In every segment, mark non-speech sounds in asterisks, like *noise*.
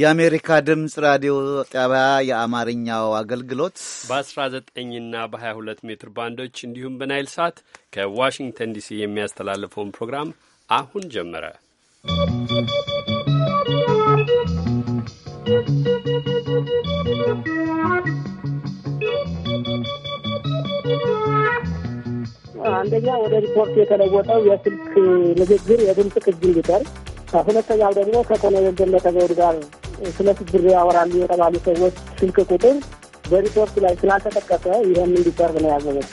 የአሜሪካ ድምፅ ራዲዮ ጣቢያ የአማርኛው አገልግሎት በ19ና በ22 ሜትር ባንዶች እንዲሁም በናይል ሳት ከዋሽንግተን ዲሲ የሚያስተላልፈውን ፕሮግራም አሁን ጀመረ። አንደኛ ወደ ሪፖርት የተለወጠው የስልክ ንግግር የድምፅ ቅጅ እንዲቀር፣ ሁለተኛው ደግሞ ከኮሎኔል ደመቀ ጋር ስለ ሽብር ያወራሉ የተባሉ ሰዎች ስልክ ቁጥር በሪፖርት ላይ ስላልተጠቀሰ ይህም እንዲቀርብ ነው ያዘበት።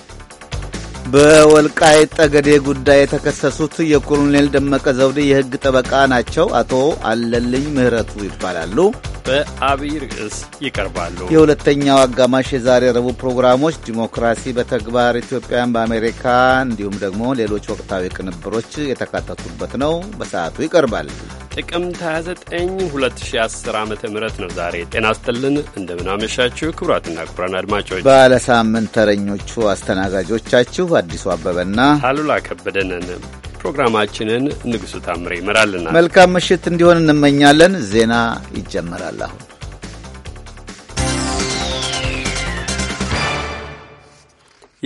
በወልቃይ ጠገዴ ጉዳይ የተከሰሱት የኮሎኔል ደመቀ ዘውዴ የሕግ ጠበቃ ናቸው። አቶ አለልኝ ምህረቱ ይባላሉ። በአብይ ርዕስ ይቀርባሉ። የሁለተኛው አጋማሽ የዛሬ ረቡዕ ፕሮግራሞች ዲሞክራሲ በተግባር ኢትዮጵያን በአሜሪካ እንዲሁም ደግሞ ሌሎች ወቅታዊ ቅንብሮች የተካተቱበት ነው። በሰዓቱ ይቀርባል። ጥቅምት 29 2010 ዓ ም ነው ዛሬ። ጤና እንደምናመሻችሁ ክቡራትና ክቡራን አድማጮች ባለሳምንት ተረኞቹ አስተናጋጆቻችሁ አዲሱ አበበና አሉላ ከበደ ነን። ፕሮግራማችንን ንጉሱ ታምሬ ይመራልናል። መልካም ምሽት እንዲሆን እንመኛለን። ዜና ይጀመራል አሁን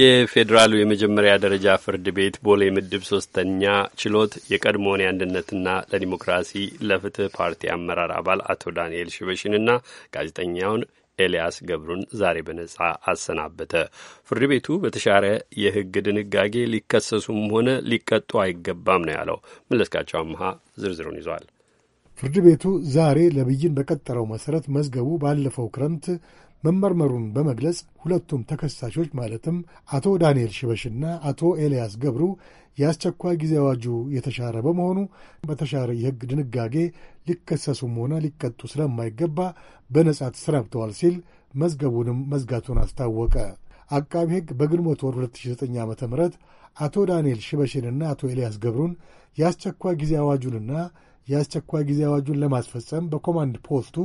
የፌዴራሉ የመጀመሪያ ደረጃ ፍርድ ቤት ቦሌ ምድብ ሶስተኛ ችሎት የቀድሞውን የአንድነትና ለዲሞክራሲ ለፍትህ ፓርቲ አመራር አባል አቶ ዳንኤል ሽበሽንና ጋዜጠኛውን ኤልያስ ገብሩን ዛሬ በነጻ አሰናበተ። ፍርድ ቤቱ በተሻረ የሕግ ድንጋጌ ሊከሰሱም ሆነ ሊቀጡ አይገባም ነው ያለው። መለስካቸው አምሃ ዝርዝሩን ይዟል። ፍርድ ቤቱ ዛሬ ለብይን በቀጠረው መሠረት መዝገቡ ባለፈው ክረምት መመርመሩን በመግለጽ ሁለቱም ተከሳሾች ማለትም አቶ ዳንኤል ሽበሽና አቶ ኤልያስ ገብሩ የአስቸኳይ ጊዜ አዋጁ የተሻረ በመሆኑ በተሻረ የሕግ ድንጋጌ ሊከሰሱም ሆነ ሊቀጡ ስለማይገባ በነጻ ተሰናብተዋል ሲል መዝገቡንም መዝጋቱን አስታወቀ። አቃቢ ሕግ በግንቦት ወር 2009 ዓ ም አቶ ዳንኤል ሽበሽንና አቶ ኤልያስ ገብሩን የአስቸኳይ ጊዜ አዋጁንና የአስቸኳይ ጊዜ አዋጁን ለማስፈጸም በኮማንድ ፖስቱ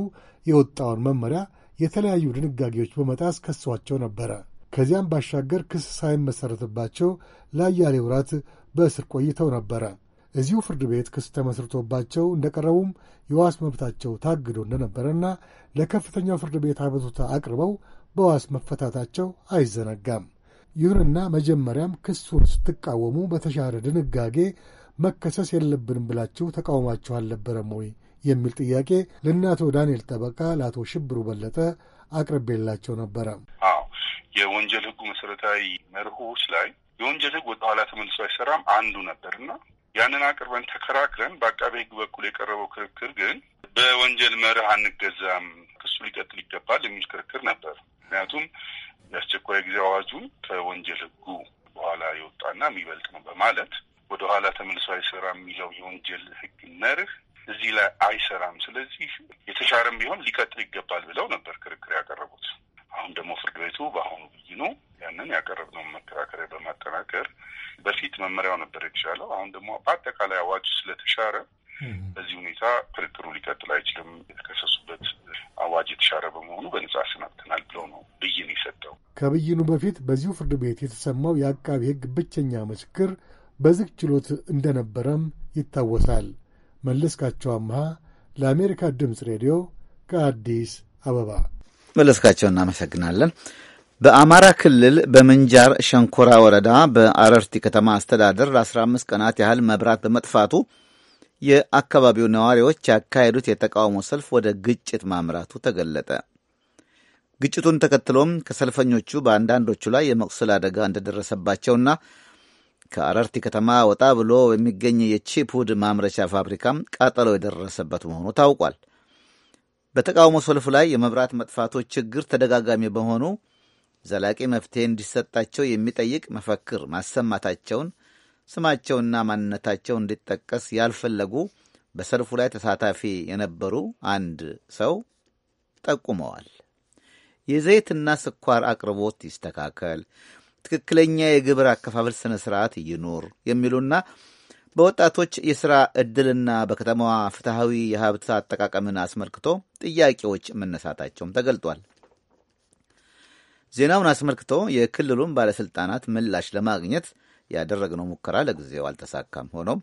የወጣውን መመሪያ የተለያዩ ድንጋጌዎች በመጣስ ከሷቸው ነበረ። ከዚያም ባሻገር ክስ ሳይመሠረትባቸው ለአያሌ ወራት በእስር ቆይተው ነበረ። እዚሁ ፍርድ ቤት ክስ ተመስርቶባቸው እንደቀረቡም የዋስ መብታቸው ታግዶ እንደነበረና ለከፍተኛው ፍርድ ቤት አቤቱታ አቅርበው በዋስ መፈታታቸው አይዘነጋም። ይሁንና መጀመሪያም ክሱን ስትቃወሙ በተሻረ ድንጋጌ መከሰስ የለብንም ብላችሁ ተቃውማችሁ አልነበረም ወይ የሚል ጥያቄ ለእናቶ ዳንኤል ጠበቃ ለአቶ ሽብሩ በለጠ አቅርቤላቸው ነበረ። አዎ የወንጀል ህጉ መሰረታዊ መርሆች ላይ የወንጀል ህግ ወደ ኋላ ተመልሶ አይሰራም አንዱ ነበርና ያንን አቅርበን ተከራክረን በአቃቤ ህግ በኩል የቀረበው ክርክር ግን በወንጀል መርህ አንገዛም፣ ክሱ ሊቀጥል ይገባል የሚል ክርክር ነበር። ምክንያቱም የአስቸኳይ ጊዜ አዋጁ ከወንጀል ህጉ በኋላ የወጣና የሚበልጥ ነው በማለት ወደ ኋላ ተመልሶ አይሰራም የሚለው የወንጀል ህግ መርህ እዚህ ላይ አይሰራም። ስለዚህ የተሻረም ቢሆን ሊቀጥል ይገባል ብለው ነበር ክርክር ያቀረቡት። አሁን ደግሞ ፍርድ ቤቱ በአሁኑ ብይኑ ያንን ያቀረብነውን መከራከሪያ በማጠናከር በፊት መመሪያው ነበር የተሻለው፣ አሁን ደግሞ በአጠቃላይ አዋጅ ስለተሻረ በዚህ ሁኔታ ክርክሩ ሊቀጥል አይችልም፣ የተከሰሱበት አዋጅ የተሻረ በመሆኑ በነጻ አሰናብተናል ብለው ነው ብይን የሰጠው። ከብይኑ በፊት በዚሁ ፍርድ ቤት የተሰማው የአቃቢ ሕግ ብቸኛ ምስክር በዝግ ችሎት እንደነበረም ይታወሳል። መለስካቸው አምሃ ለአሜሪካ ድምፅ ሬዲዮ ከአዲስ አበባ። መለስካቸው እናመሰግናለን። በአማራ ክልል በምንጃር ሸንኮራ ወረዳ በአረርቲ ከተማ አስተዳደር ለ15 ቀናት ያህል መብራት በመጥፋቱ የአካባቢው ነዋሪዎች ያካሄዱት የተቃውሞ ሰልፍ ወደ ግጭት ማምራቱ ተገለጠ። ግጭቱን ተከትሎም ከሰልፈኞቹ በአንዳንዶቹ ላይ የመቁሰል አደጋ እንደደረሰባቸውና ከአረርቲ ከተማ ወጣ ብሎ የሚገኝ የቺፑድ ማምረቻ ፋብሪካም ቃጠሎ የደረሰበት መሆኑ ታውቋል። በተቃውሞ ሰልፍ ላይ የመብራት መጥፋቶች ችግር ተደጋጋሚ በሆኑ ዘላቂ መፍትሄ እንዲሰጣቸው የሚጠይቅ መፈክር ማሰማታቸውን ስማቸውና ማንነታቸው እንዲጠቀስ ያልፈለጉ በሰልፉ ላይ ተሳታፊ የነበሩ አንድ ሰው ጠቁመዋል። የዘይትና ስኳር አቅርቦት ይስተካከል፣ ትክክለኛ የግብር አከፋፈል ስነ ስርዓት ይኑር የሚሉና በወጣቶች የሥራ ዕድልና በከተማዋ ፍትሐዊ የሀብት አጠቃቀምን አስመልክቶ ጥያቄዎች መነሳታቸውም ተገልጧል። ዜናውን አስመልክቶ የክልሉን ባለሥልጣናት ምላሽ ለማግኘት ያደረግነው ሙከራ ለጊዜው አልተሳካም። ሆኖም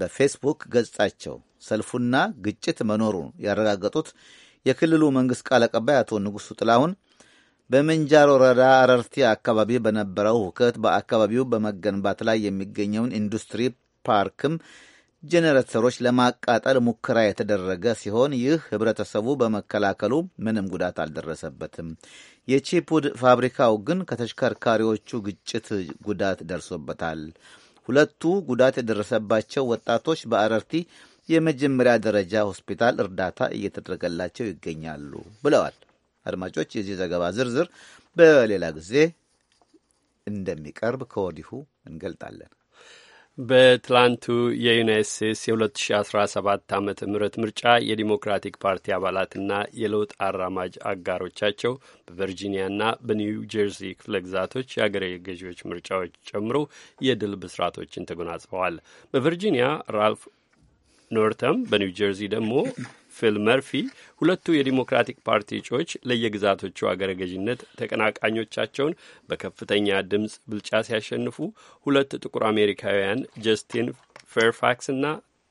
በፌስቡክ ገጻቸው ሰልፉና ግጭት መኖሩን ያረጋገጡት የክልሉ መንግሥት ቃል አቀባይ አቶ ንጉሡ ጥላሁን በምንጃር ወረዳ አረርቲ አካባቢ በነበረው ሁከት በአካባቢው በመገንባት ላይ የሚገኘውን ኢንዱስትሪ ፓርክም ጄኔሬተሮች ለማቃጠል ሙከራ የተደረገ ሲሆን ይህ ህብረተሰቡ በመከላከሉ ምንም ጉዳት አልደረሰበትም። የቺፑድ ፋብሪካው ግን ከተሽከርካሪዎቹ ግጭት ጉዳት ደርሶበታል። ሁለቱ ጉዳት የደረሰባቸው ወጣቶች በአረርቲ የመጀመሪያ ደረጃ ሆስፒታል እርዳታ እየተደረገላቸው ይገኛሉ ብለዋል። አድማጮች፣ የዚህ ዘገባ ዝርዝር በሌላ ጊዜ እንደሚቀርብ ከወዲሁ እንገልጣለን። በትላንቱ የዩናይት ስቴትስ የ2017 ዓ ም ምርጫ የዲሞክራቲክ ፓርቲ አባላትና የለውጥ አራማጅ አጋሮቻቸው በቨርጂኒያና በኒው ጀርሲ ክፍለ ግዛቶች የአገረ ገዢዎች ምርጫዎች ጨምሮ የድል ብስራቶችን ተጎናጽፈዋል። በቨርጂኒያ ራልፍ ኖርተም በኒው ጀርዚ ደግሞ ፊል መርፊ ሁለቱ የዲሞክራቲክ ፓርቲ እጩዎች ለየግዛቶቹ አገረ ገዥነት ተቀናቃኞቻቸውን በከፍተኛ ድምፅ ብልጫ ሲያሸንፉ ሁለት ጥቁር አሜሪካውያን ጀስቲን ፌርፋክስ እና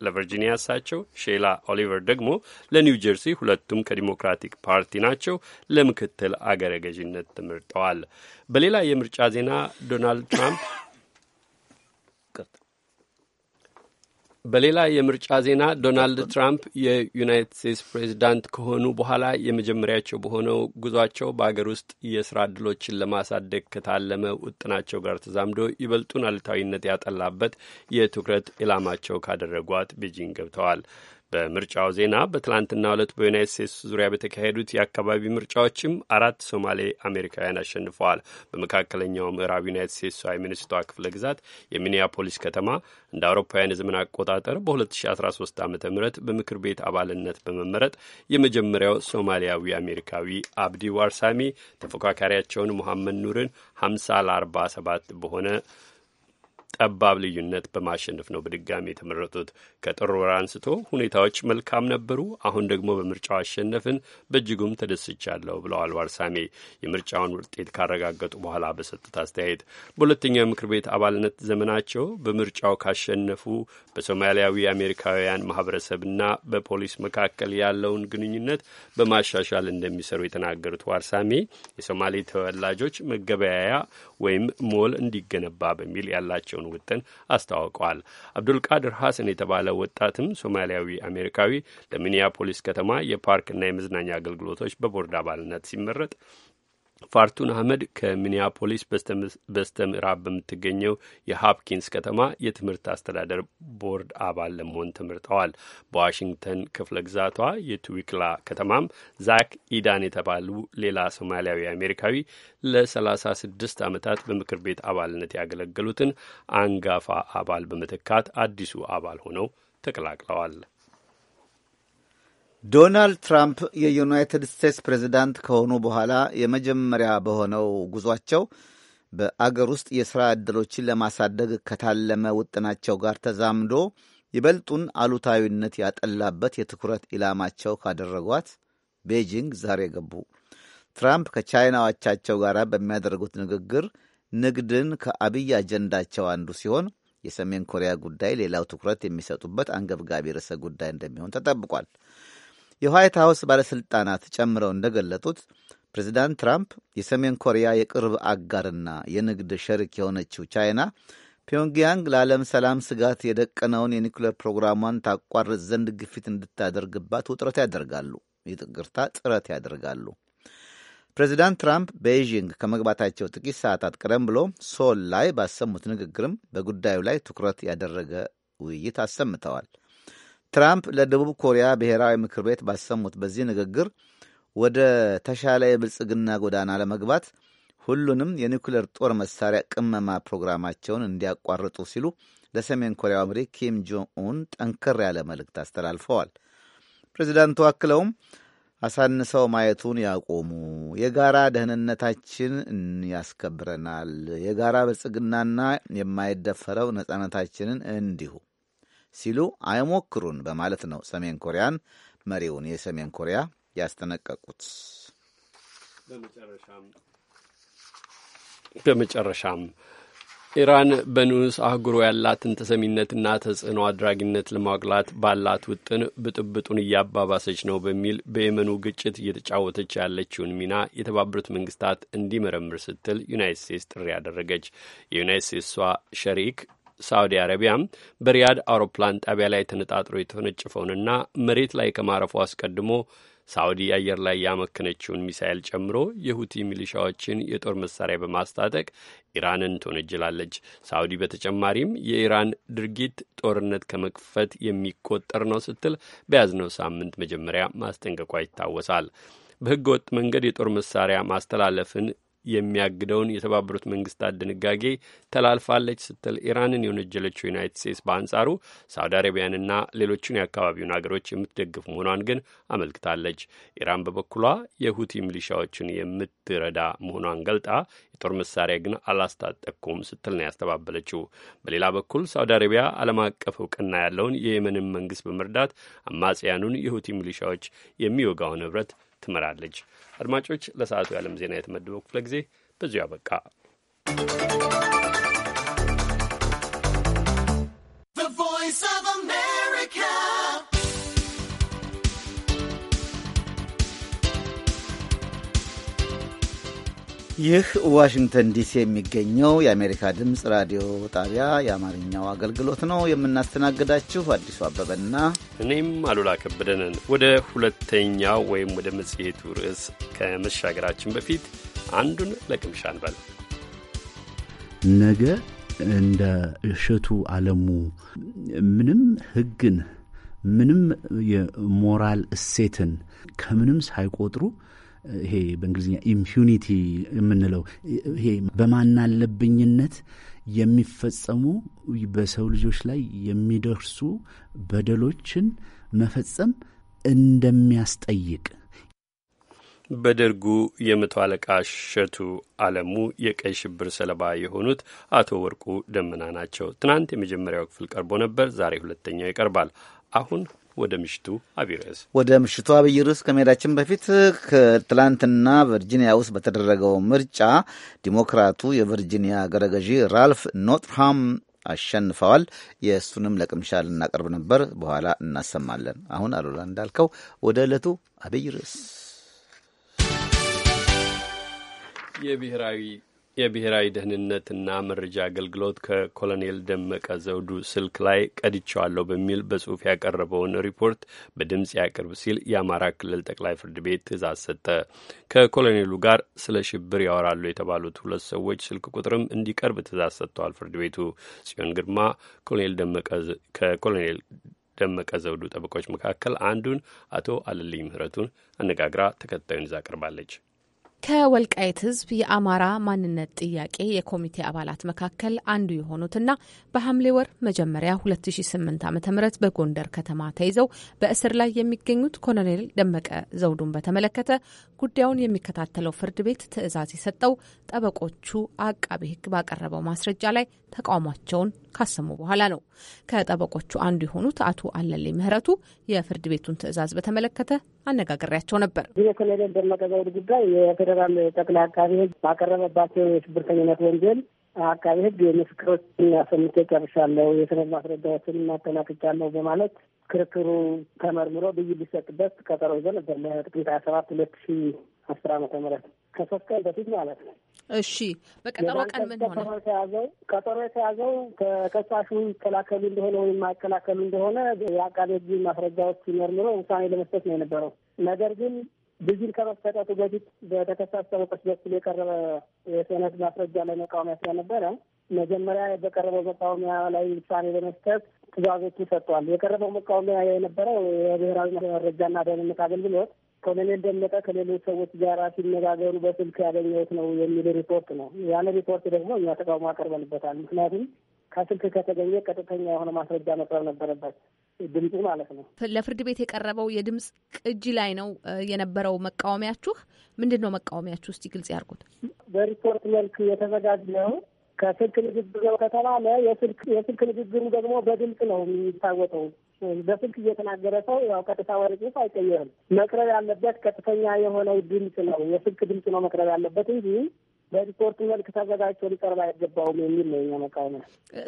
ለቨርጂኒያ እሳቸው ሼላ ኦሊቨር ደግሞ ለኒው ጀርሲ ሁለቱም ከዲሞክራቲክ ፓርቲ ናቸው ለምክትል አገረ ገዥነት ተመርጠዋል። በሌላ የምርጫ ዜና ዶናልድ ትራምፕ በሌላ የምርጫ ዜና ዶናልድ ትራምፕ የዩናይትድ ስቴትስ ፕሬዚዳንት ከሆኑ በኋላ የመጀመሪያቸው በሆነው ጉዟቸው በአገር ውስጥ የስራ እድሎችን ለማሳደግ ከታለመ ውጥናቸው ጋር ተዛምዶ ይበልጡን አሉታዊነት ያጠላበት የትኩረት ኢላማቸው ካደረጓት ቤጂንግ ገብተዋል። በምርጫው ዜና በትላንትና ዕለት በዩናይት ስቴትስ ዙሪያ በተካሄዱት የአካባቢ ምርጫዎችም አራት ሶማሌ አሜሪካውያን አሸንፈዋል። በመካከለኛው ምዕራብ ዩናይት ስቴትስ የሚኒሶታ ክፍለ ግዛት የሚኒያፖሊስ ከተማ እንደ አውሮፓውያን የዘመን አቆጣጠር በ2013 ዓ ም በምክር ቤት አባልነት በመመረጥ የመጀመሪያው ሶማሊያዊ አሜሪካዊ አብዲ ዋርሳሚ ተፎካካሪያቸውን ሙሐመድ ኑርን 50 ለ47 በሆነ ጠባብ ልዩነት በማሸነፍ ነው በድጋሚ የተመረጡት። ከጥር ወር አንስቶ ሁኔታዎች መልካም ነበሩ፣ አሁን ደግሞ በምርጫው አሸነፍን፣ በእጅጉም ተደስቻለሁ ብለዋል ዋርሳሜ የምርጫውን ውጤት ካረጋገጡ በኋላ በሰጡት አስተያየት። በሁለተኛው የምክር ቤት አባልነት ዘመናቸው በምርጫው ካሸነፉ በሶማሊያዊ አሜሪካውያን ማህበረሰብና በፖሊስ መካከል ያለውን ግንኙነት በማሻሻል እንደሚሰሩ የተናገሩት ዋርሳሜ የሶማሌ ተወላጆች መገበያያ ወይም ሞል እንዲገነባ በሚል ያላቸው መሆናቸውን ውጥን አስታውቀዋል። አብዱልቃድር ሐሰን የተባለ ወጣትም ሶማሊያዊ አሜሪካዊ ለሚኒያፖሊስ ከተማ የፓርክና የመዝናኛ አገልግሎቶች በቦርድ አባልነት ሲመረጥ ፋርቱን አህመድ ከሚኒያፖሊስ በስተ ምዕራብ በምትገኘው የሃፕኪንስ ከተማ የትምህርት አስተዳደር ቦርድ አባል ለመሆን ተመርጠዋል። በዋሽንግተን ክፍለ ግዛቷ የቱዊክላ ከተማም ዛክ ኢዳን የተባሉ ሌላ ሶማሊያዊ አሜሪካዊ ለሰላሳ ስድስት ዓመታት በምክር ቤት አባልነት ያገለገሉትን አንጋፋ አባል በመተካት አዲሱ አባል ሆነው ተቀላቅለዋል። ዶናልድ ትራምፕ የዩናይትድ ስቴትስ ፕሬዚዳንት ከሆኑ በኋላ የመጀመሪያ በሆነው ጉዟቸው በአገር ውስጥ የሥራ ዕድሎችን ለማሳደግ ከታለመ ውጥናቸው ጋር ተዛምዶ ይበልጡን አሉታዊነት ያጠላበት የትኩረት ኢላማቸው ካደረጓት ቤጂንግ ዛሬ ገቡ። ትራምፕ ከቻይናዎቻቸው ጋር በሚያደርጉት ንግግር ንግድን ከአብይ አጀንዳቸው አንዱ ሲሆን የሰሜን ኮሪያ ጉዳይ ሌላው ትኩረት የሚሰጡበት አንገብጋቢ ርዕሰ ጉዳይ እንደሚሆን ተጠብቋል። የዋይት ሀውስ ባለሥልጣናት ጨምረው እንደገለጡት ፕሬዚዳንት ትራምፕ የሰሜን ኮሪያ የቅርብ አጋርና የንግድ ሸሪክ የሆነችው ቻይና ፒዮንግያንግ ለዓለም ሰላም ስጋት የደቀነውን የኒኩሌር ፕሮግራሟን ታቋርጥ ዘንድ ግፊት እንድታደርግባት ውጥረት ያደርጋሉ ይቅርታ ጥረት ያደርጋሉ። ፕሬዚዳንት ትራምፕ ቤይዥንግ ከመግባታቸው ጥቂት ሰዓታት ቀደም ብሎ ሶል ላይ ባሰሙት ንግግርም በጉዳዩ ላይ ትኩረት ያደረገ ውይይት አሰምተዋል። ትራምፕ ለደቡብ ኮሪያ ብሔራዊ ምክር ቤት ባሰሙት በዚህ ንግግር ወደ ተሻለ የብልጽግና ጎዳና ለመግባት ሁሉንም የኒውክሌር ጦር መሳሪያ ቅመማ ፕሮግራማቸውን እንዲያቋርጡ ሲሉ ለሰሜን ኮሪያው መሪ ኪም ጆን ኡን ጠንከር ያለ መልእክት አስተላልፈዋል። ፕሬዚዳንቱ አክለውም አሳንሰው ማየቱን ያቆሙ፣ የጋራ ደህንነታችን ያስከብረናል፣ የጋራ ብልጽግናና የማይደፈረው ነጻነታችንን እንዲሁ ሲሉ አይሞክሩን በማለት ነው ሰሜን ኮሪያን መሪውን የሰሜን ኮሪያ ያስጠነቀቁት። በመጨረሻም ኢራን በንዑስ አህጉሮ ያላትን ተሰሚነትና ተጽዕኖ አድራጊነት ለማጉላት ባላት ውጥን ብጥብጡን እያባባሰች ነው በሚል በየመኑ ግጭት እየተጫወተች ያለችውን ሚና የተባበሩት መንግስታት እንዲመረምር ስትል ዩናይት ስቴትስ ጥሪ ያደረገች። የዩናይት ስቴትሷ ሸሪክ ሳዑዲ አረቢያም በሪያድ አውሮፕላን ጣቢያ ላይ ተነጣጥሮ የተወነጨፈውንና መሬት ላይ ከማረፉ አስቀድሞ ሳዑዲ አየር ላይ ያመከነችውን ሚሳኤል ጨምሮ የሁቲ ሚሊሻዎችን የጦር መሳሪያ በማስታጠቅ ኢራንን ትወነጅላለች። ሳዑዲ በተጨማሪም የኢራን ድርጊት ጦርነት ከመክፈት የሚቆጠር ነው ስትል በያዝነው ሳምንት መጀመሪያ ማስጠንቀቋ ይታወሳል። በሕገ ወጥ መንገድ የጦር መሳሪያ ማስተላለፍን የሚያግደውን የተባበሩት መንግስታት ድንጋጌ ተላልፋለች ስትል ኢራንን የወነጀለችው ዩናይትድ ስቴትስ በአንጻሩ ሳውዲ አረቢያንና ሌሎችን የአካባቢውን አገሮች የምትደግፍ መሆኗን ግን አመልክታለች። ኢራን በበኩሏ የሁቲ ሚሊሻዎችን የምትረዳ መሆኗን ገልጣ የጦር መሳሪያ ግን አላስታጠቁም ስትል ነው ያስተባበለችው። በሌላ በኩል ሳውዲ አረቢያ ዓለም አቀፍ እውቅና ያለውን የየመንን መንግስት በመርዳት አማጽያኑን የሁቲ ሚሊሻዎች የሚወጋው ንብረት ትመራለች። አድማጮች፣ ለሰዓቱ የዓለም ዜና የተመደበው ክፍለ ጊዜ በዚሁ አበቃ። ይህ ዋሽንግተን ዲሲ የሚገኘው የአሜሪካ ድምፅ ራዲዮ ጣቢያ የአማርኛው አገልግሎት ነው። የምናስተናግዳችሁ አዲሱ አበበና እኔም አሉላ ከበደንን ወደ ሁለተኛው ወይም ወደ መጽሔቱ ርዕስ ከመሻገራችን በፊት አንዱን ለቅምሻ እንበል። ነገ እንደ እሸቱ አለሙ ምንም ሕግን ምንም የሞራል እሴትን ከምንም ሳይቆጥሩ ይሄ በእንግሊዝኛ ኢምፒዩኒቲ የምንለው ይሄ በማናለብኝነት የሚፈጸሙ በሰው ልጆች ላይ የሚደርሱ በደሎችን መፈጸም እንደሚያስጠይቅ በደርጉ የመቶ አለቃ እሸቱ አለሙ የቀይ ሽብር ሰለባ የሆኑት አቶ ወርቁ ደመና ናቸው። ትናንት የመጀመሪያው ክፍል ቀርቦ ነበር። ዛሬ ሁለተኛው ይቀርባል። አሁን ወደ ምሽቱ አብይ ርዕስ ወደ ምሽቱ አብይ ርዕስ ከመሄዳችን በፊት ከትላንትና ቨርጂኒያ ውስጥ በተደረገው ምርጫ ዲሞክራቱ የቨርጂኒያ ገረገዢ ራልፍ ኖትርሃም አሸንፈዋል። የእሱንም ለቅምሻ ልናቀርብ ነበር፣ በኋላ እናሰማለን። አሁን አሉላ እንዳልከው ወደ ዕለቱ አብይ ርዕስ የብሔራዊ የብሔራዊ ደህንነትና መረጃ አገልግሎት ከኮሎኔል ደመቀ ዘውዱ ስልክ ላይ ቀድቸዋለሁ በሚል በጽሁፍ ያቀረበውን ሪፖርት በድምፅ ያቅርብ ሲል የአማራ ክልል ጠቅላይ ፍርድ ቤት ትእዛዝ ሰጠ። ከኮሎኔሉ ጋር ስለ ሽብር ያወራሉ የተባሉት ሁለት ሰዎች ስልክ ቁጥርም እንዲቀርብ ትእዛዝ ሰጥተዋል ፍርድ ቤቱ። ጽዮን ግርማ ከኮሎኔል ደመቀ ዘውዱ ጠበቆች መካከል አንዱን አቶ አለልኝ ምህረቱን አነጋግራ ተከታዩን ይዛ ቀርባለች። ከወልቃይት ሕዝብ የአማራ ማንነት ጥያቄ የኮሚቴ አባላት መካከል አንዱ የሆኑትና በሐምሌ ወር መጀመሪያ 2008 ዓ ም በጎንደር ከተማ ተይዘው በእስር ላይ የሚገኙት ኮሎኔል ደመቀ ዘውዱን በተመለከተ ጉዳዩን የሚከታተለው ፍርድ ቤት ትዕዛዝ የሰጠው ጠበቆቹ አቃቢ ሕግ ባቀረበው ማስረጃ ላይ ተቃውሟቸውን ካሰሙ በኋላ ነው። ከጠበቆቹ አንዱ የሆኑት አቶ አለሌ ምህረቱ የፍርድ ቤቱን ትዕዛዝ በተመለከተ አነጋግሬያቸው ነበር። ይህ የኮሎኔል ደመቀ ጉዳይ የፌዴራል ጠቅላይ አቃቢ ህግ ባቀረበባቸው የሽብርተኝነት ወንጀል አቃቢ ህግ ምስክሮች አሰምቼ ጨርሻለሁ፣ የሰነድ ማስረጃዎችን እናጠናቅቻለሁ በማለት ክርክሩ ተመርምሮ ብይን ሊሰጥበት ቀጠሮ ይዞ ነበር ለጥቅምት ሀያ ሰባት ሁለት ሺ አስር አመተ ምህረት ከሶስት ቀን በፊት ማለት ነው። እሺ በቀጠሮ ቀን ምን ሆነ? የተያዘው ቀጠሮ የተያዘው ተከሳሹ ይከላከሉ እንደሆነ ወይም ማይከላከሉ እንደሆነ የአቃቤ ሕግ ማስረጃዎች መርምሮ ውሳኔ ለመስጠት ነው የነበረው። ነገር ግን ብይን ከመሰጠቱ በፊት በተከሳሽ ጠበቆች በኩል የቀረበ የሰነድ ማስረጃ ላይ መቃወሚያ ስለነበረ መጀመሪያ በቀረበው መቃወሚያ ላይ ውሳኔ ለመስጠት ትዕዛዞቹ ሰጥቷል። የቀረበው መቃወሚያ የነበረው የብሔራዊ መረጃና ደህንነት አገልግሎት ኮሎኔል ደመቀ ከሌሎች ሰዎች ጋር ሲነጋገሩ በስልክ ያገኘሁት ነው የሚል ሪፖርት ነው። ያን ሪፖርት ደግሞ እኛ ተቃውሞ አቀርበንበታል። ምክንያቱም ከስልክ ከተገኘ ቀጥተኛ የሆነ ማስረጃ መቅረብ ነበረበት፣ ድምፁ ማለት ነው። ለፍርድ ቤት የቀረበው የድምፅ ቅጂ ላይ ነው የነበረው መቃወሚያችሁ። ምንድን ነው መቃወሚያችሁ? እስቲ ግልጽ ያርጉት። በሪፖርት መልክ የተዘጋጀው ከስልክ ንግግር ከተባለ የስልክ የስልክ ንግግሩ ደግሞ በድምፅ ነው የሚታወቀው። በስልክ እየተናገረ ሰው ያው ቀጥታ ወደ ጽሁፍ አይቀየርም። መቅረብ ያለበት ቀጥተኛ የሆነው ድምፅ ነው፣ የስልክ ድምፅ ነው መቅረብ ያለበት እንጂ በሪፖርት መልክ ተዘጋጅቶ ሊቀርብ አይገባውም የሚል ነው የኛ መቃወሚያ።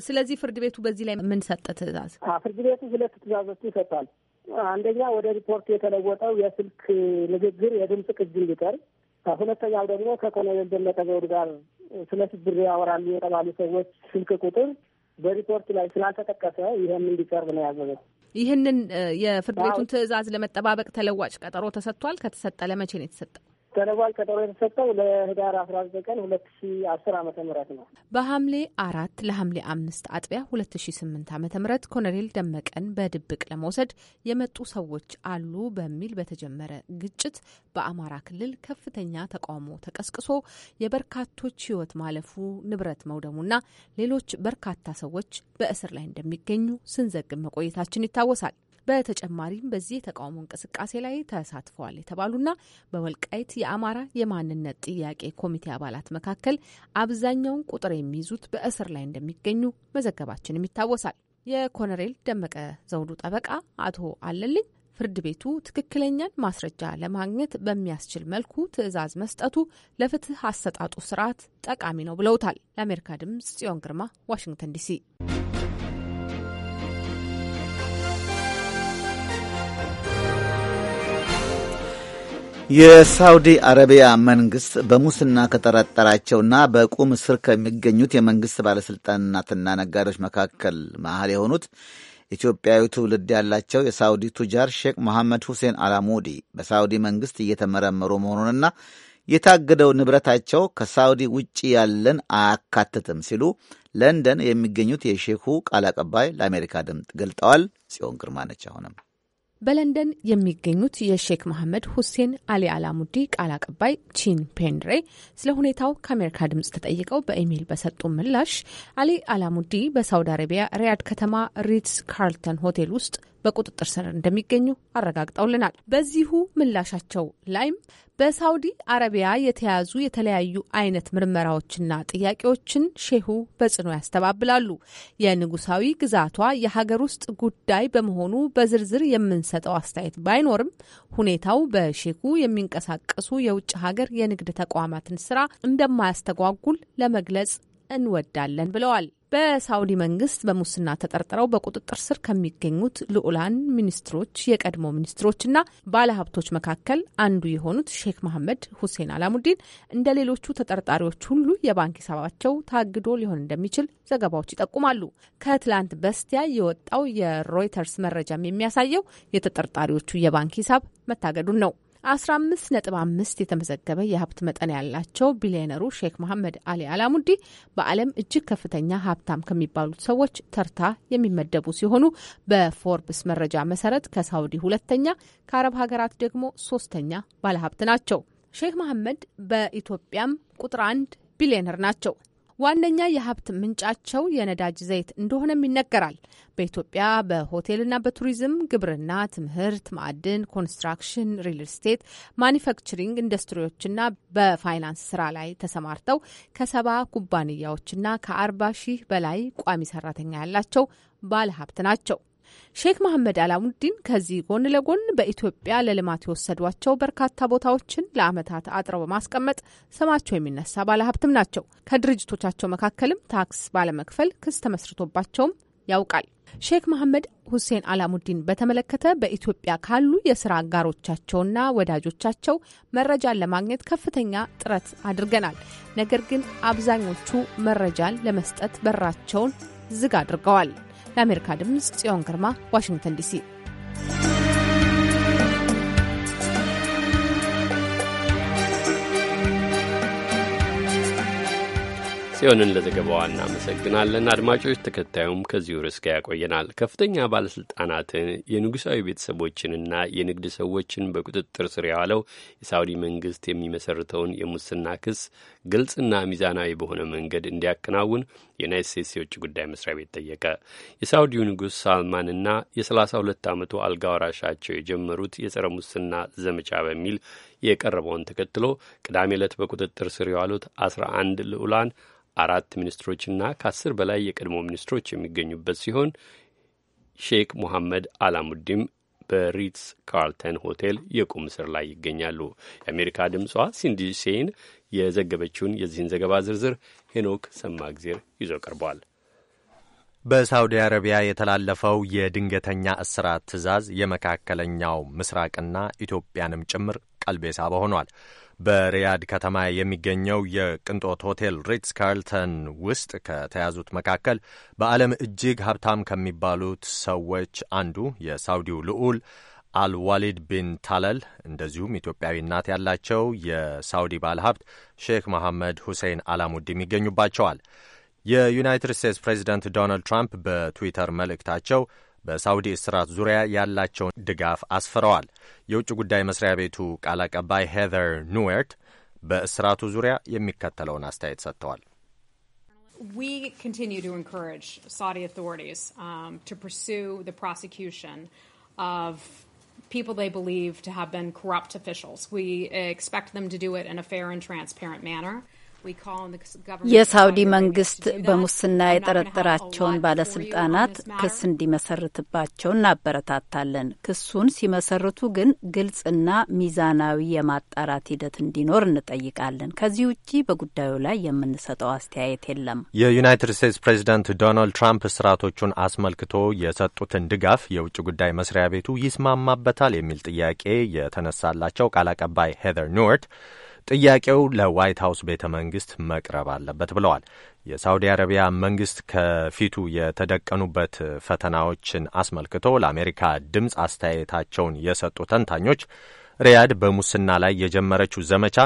ስለዚህ ፍርድ ቤቱ በዚህ ላይ ምን ሰጠ ትእዛዝ? ፍርድ ቤቱ ሁለት ትእዛዞች ይሰጣል። አንደኛ ወደ ሪፖርት የተለወጠው የስልክ ንግግር የድምፅ ቅጅ እንዲቀርብ ሁለተኛው ደግሞ ከኮሎኔል ደመቀ ዘውድ ጋር ስለ ሽብር ያወራሉ የተባሉ ሰዎች ስልክ ቁጥር በሪፖርት ላይ ስላልተጠቀሰ ይህም እንዲቀርብ ነው ያዘዘው። ይህንን የፍርድ ቤቱን ትዕዛዝ ለመጠባበቅ ተለዋጭ ቀጠሮ ተሰጥቷል። ከተሰጠ ለመቼ ነው የተሰጠው? ተለዋጭ ቀጠሮ የተሰጠው ለህዳር አስራ ዘጠኝ ቀን ሁለት ሺ አስር አመተ ምህረት ነው። በሐምሌ አራት ለሐምሌ አምስት አጥቢያ ሁለት ሺ ስምንት አመተ ምህረት ኮሎኔል ደመቀን በድብቅ ለመውሰድ የመጡ ሰዎች አሉ በሚል በተጀመረ ግጭት በአማራ ክልል ከፍተኛ ተቃውሞ ተቀስቅሶ የበርካቶች ህይወት ማለፉ፣ ንብረት መውደሙና ሌሎች በርካታ ሰዎች በእስር ላይ እንደሚገኙ ስንዘግብ መቆየታችን ይታወሳል። በተጨማሪም በዚህ የተቃውሞ እንቅስቃሴ ላይ ተሳትፈዋል የተባሉና በወልቃይት የአማራ የማንነት ጥያቄ ኮሚቴ አባላት መካከል አብዛኛውን ቁጥር የሚይዙት በእስር ላይ እንደሚገኙ መዘገባችንም ይታወሳል። የኮሎኔል ደመቀ ዘውዱ ጠበቃ አቶ አለልኝ ፍርድ ቤቱ ትክክለኛን ማስረጃ ለማግኘት በሚያስችል መልኩ ትዕዛዝ መስጠቱ ለፍትህ አሰጣጡ ስርዓት ጠቃሚ ነው ብለውታል። ለአሜሪካ ድምጽ ጽዮን ግርማ ዋሽንግተን ዲሲ። የሳውዲ አረቢያ መንግስት በሙስና ከጠረጠራቸውና በቁም ስር ከሚገኙት የመንግስት ባለሥልጣናትና ነጋዴዎች መካከል መሃል የሆኑት ኢትዮጵያዊ ትውልድ ያላቸው የሳውዲ ቱጃር ሼክ መሐመድ ሁሴን አላሙዲ በሳውዲ መንግስት እየተመረመሩ መሆኑንና የታገደው ንብረታቸው ከሳውዲ ውጭ ያለን አያካትትም ሲሉ ለንደን የሚገኙት የሼኩ ቃል አቀባይ ለአሜሪካ ድምፅ ገልጠዋል። ጽዮን ግርማ ነች። አሁንም በለንደን የሚገኙት የሼክ መሐመድ ሁሴን አሊ አላሙዲ ቃል አቀባይ ቺን ፔንድሬ ስለ ሁኔታው ከአሜሪካ ድምጽ ተጠይቀው በኢሜይል በሰጡ ምላሽ አሊ አላሙዲ በሳውዲ አረቢያ ሪያድ ከተማ ሪትስ ካርልተን ሆቴል ውስጥ በቁጥጥር ስር እንደሚገኙ አረጋግጠውልናል። በዚሁ ምላሻቸው ላይም በሳውዲ አረቢያ የተያዙ የተለያዩ አይነት ምርመራዎችና ጥያቄዎችን ሼሁ በጽኑ ያስተባብላሉ። የንጉሳዊ ግዛቷ የሀገር ውስጥ ጉዳይ በመሆኑ በዝርዝር የምንሰጠው አስተያየት ባይኖርም ሁኔታው በሼሁ የሚንቀሳቀሱ የውጭ ሀገር የንግድ ተቋማትን ስራ እንደማያስተጓጉል ለመግለጽ እንወዳለን ብለዋል። በሳውዲ መንግስት በሙስና ተጠርጥረው በቁጥጥር ስር ከሚገኙት ልዑላን ሚኒስትሮች፣ የቀድሞ ሚኒስትሮችና ባለሀብቶች መካከል አንዱ የሆኑት ሼክ መሐመድ ሁሴን አላሙዲን እንደ ሌሎቹ ተጠርጣሪዎች ሁሉ የባንክ ሂሳባቸው ታግዶ ሊሆን እንደሚችል ዘገባዎች ይጠቁማሉ። ከትላንት በስቲያ የወጣው የሮይተርስ መረጃም የሚያሳየው የተጠርጣሪዎቹ የባንክ ሂሳብ መታገዱን ነው። 15.5 የተመዘገበ የሀብት መጠን ያላቸው ቢሊዮነሩ ሼክ መሐመድ አሊ አላሙዲ በዓለም እጅግ ከፍተኛ ሀብታም ከሚባሉት ሰዎች ተርታ የሚመደቡ ሲሆኑ በፎርብስ መረጃ መሰረት ከሳውዲ ሁለተኛ፣ ከአረብ ሀገራት ደግሞ ሶስተኛ ባለሀብት ናቸው። ሼክ መሐመድ በኢትዮጵያም ቁጥር አንድ ቢሊዮነር ናቸው። ዋነኛ የሀብት ምንጫቸው የነዳጅ ዘይት እንደሆነም ይነገራል። በኢትዮጵያ በሆቴልና በቱሪዝም፣ ግብርና፣ ትምህርት፣ ማዕድን፣ ኮንስትራክሽን፣ ሪል ስቴት፣ ማኒፋክቸሪንግ ኢንዱስትሪዎችና በፋይናንስ ስራ ላይ ተሰማርተው ከሰባ ኩባንያዎችና ከአርባ ሺህ በላይ ቋሚ ሰራተኛ ያላቸው ባለሀብት ናቸው። ሼክ መሐመድ አላሙዲን ከዚህ ጎን ለጎን በኢትዮጵያ ለልማት የወሰዷቸው በርካታ ቦታዎችን ለአመታት አጥረው በማስቀመጥ ስማቸው የሚነሳ ባለሀብትም ናቸው። ከድርጅቶቻቸው መካከልም ታክስ ባለመክፈል ክስ ተመስርቶባቸውም ያውቃል። ሼክ መሐመድ ሁሴን አላሙዲን በተመለከተ በኢትዮጵያ ካሉ የስራ አጋሮቻቸውና ወዳጆቻቸው መረጃን ለማግኘት ከፍተኛ ጥረት አድርገናል። ነገር ግን አብዛኞቹ መረጃን ለመስጠት በራቸውን ዝግ አድርገዋል። ለአሜሪካ ድምፅ ጽዮን ግርማ ዋሽንግተን ዲሲ ጽዮንን ለዘገባዋ እናመሰግናለን። አድማጮች፣ ተከታዩም ከዚሁ ርዕስ ጋር ያቆየናል። ከፍተኛ ባለሥልጣናትን የንጉሣዊ ቤተሰቦችንና የንግድ ሰዎችን በቁጥጥር ስር ያዋለው የሳውዲ መንግሥት የሚመሰርተውን የሙስና ክስ ግልጽና ሚዛናዊ በሆነ መንገድ እንዲያከናውን የዩናይት ስቴትስ የውጭ ጉዳይ መስሪያ ቤት ጠየቀ። የሳውዲው ንጉሥ ሳልማንና የ ሁለት ዓመቱ አልጋ ወራሻቸው የጀመሩት የጸረ ሙስና ዘመቻ በሚል የቀረበውን ተከትሎ ቅዳሜ ዕለት በቁጥጥር ስር የዋሉት አስራ አንድ ልዑላን አራት ሚኒስትሮችና ከአስር በላይ የቀድሞ ሚኒስትሮች የሚገኙበት ሲሆን ሼክ ሙሐመድ አላሙዲም በሪትስ ካርልተን ሆቴል የቁም ስር ላይ ይገኛሉ። የአሜሪካ ድምጿ ሲንዲ ሴን የዘገበችውን የዚህን ዘገባ ዝርዝር ሄኖክ ሰማግዜር ይዞ ቀርቧል። በሳውዲ አረቢያ የተላለፈው የድንገተኛ እስራት ትዕዛዝ የመካከለኛው ምስራቅና ኢትዮጵያንም ጭምር ቀልቤሳ ሳበ ሆኗል። በሪያድ ከተማ የሚገኘው የቅንጦት ሆቴል ሪትስ ካርልተን ውስጥ ከተያዙት መካከል በዓለም እጅግ ሀብታም ከሚባሉት ሰዎች አንዱ የሳውዲው ልዑል አልዋሊድ ቢን ታለል እንደዚሁም ኢትዮጵያዊ እናት ያላቸው የሳውዲ ባለሀብት ሼክ መሐመድ ሁሴን አላሙዲም ይገኙባቸዋል። የዩናይትድ ስቴትስ ፕሬዚደንት ዶናልድ ትራምፕ በትዊተር መልእክታቸው በሳውዲ እስራት ዙሪያ ያላቸውን ድጋፍ አስፍረዋል። የውጭ ጉዳይ መስሪያ ቤቱ ቃል አቀባይ ሄዘር ኑዌርት በእስራቱ ዙሪያ የሚከተለውን አስተያየት ሰጥተዋል። We continue to encourage Saudi authorities um, to pursue the prosecution of people they believe to have been corrupt officials. We expect them to do it in a fair and transparent manner. የሳውዲ መንግስት በሙስና የጠረጠራቸውን ባለስልጣናት ክስ እንዲመሰርትባቸው እናበረታታለን። ክሱን ሲመሰርቱ ግን ግልጽና ሚዛናዊ የማጣራት ሂደት እንዲኖር እንጠይቃለን። ከዚህ ውጪ በጉዳዩ ላይ የምንሰጠው አስተያየት የለም። የዩናይትድ ስቴትስ ፕሬዚዳንት ዶናልድ ትራምፕ እስራቶቹን አስመልክቶ የሰጡትን ድጋፍ የውጭ ጉዳይ መስሪያ ቤቱ ይስማማበታል የሚል ጥያቄ የተነሳላቸው ቃል አቀባይ ሄዘር ኒወርት ጥያቄው ለዋይት ሀውስ ቤተ መንግስት መቅረብ አለበት ብለዋል። የሳውዲ አረቢያ መንግስት ከፊቱ የተደቀኑበት ፈተናዎችን አስመልክቶ ለአሜሪካ ድምፅ አስተያየታቸውን የሰጡ ተንታኞች ሪያድ በሙስና ላይ የጀመረችው ዘመቻ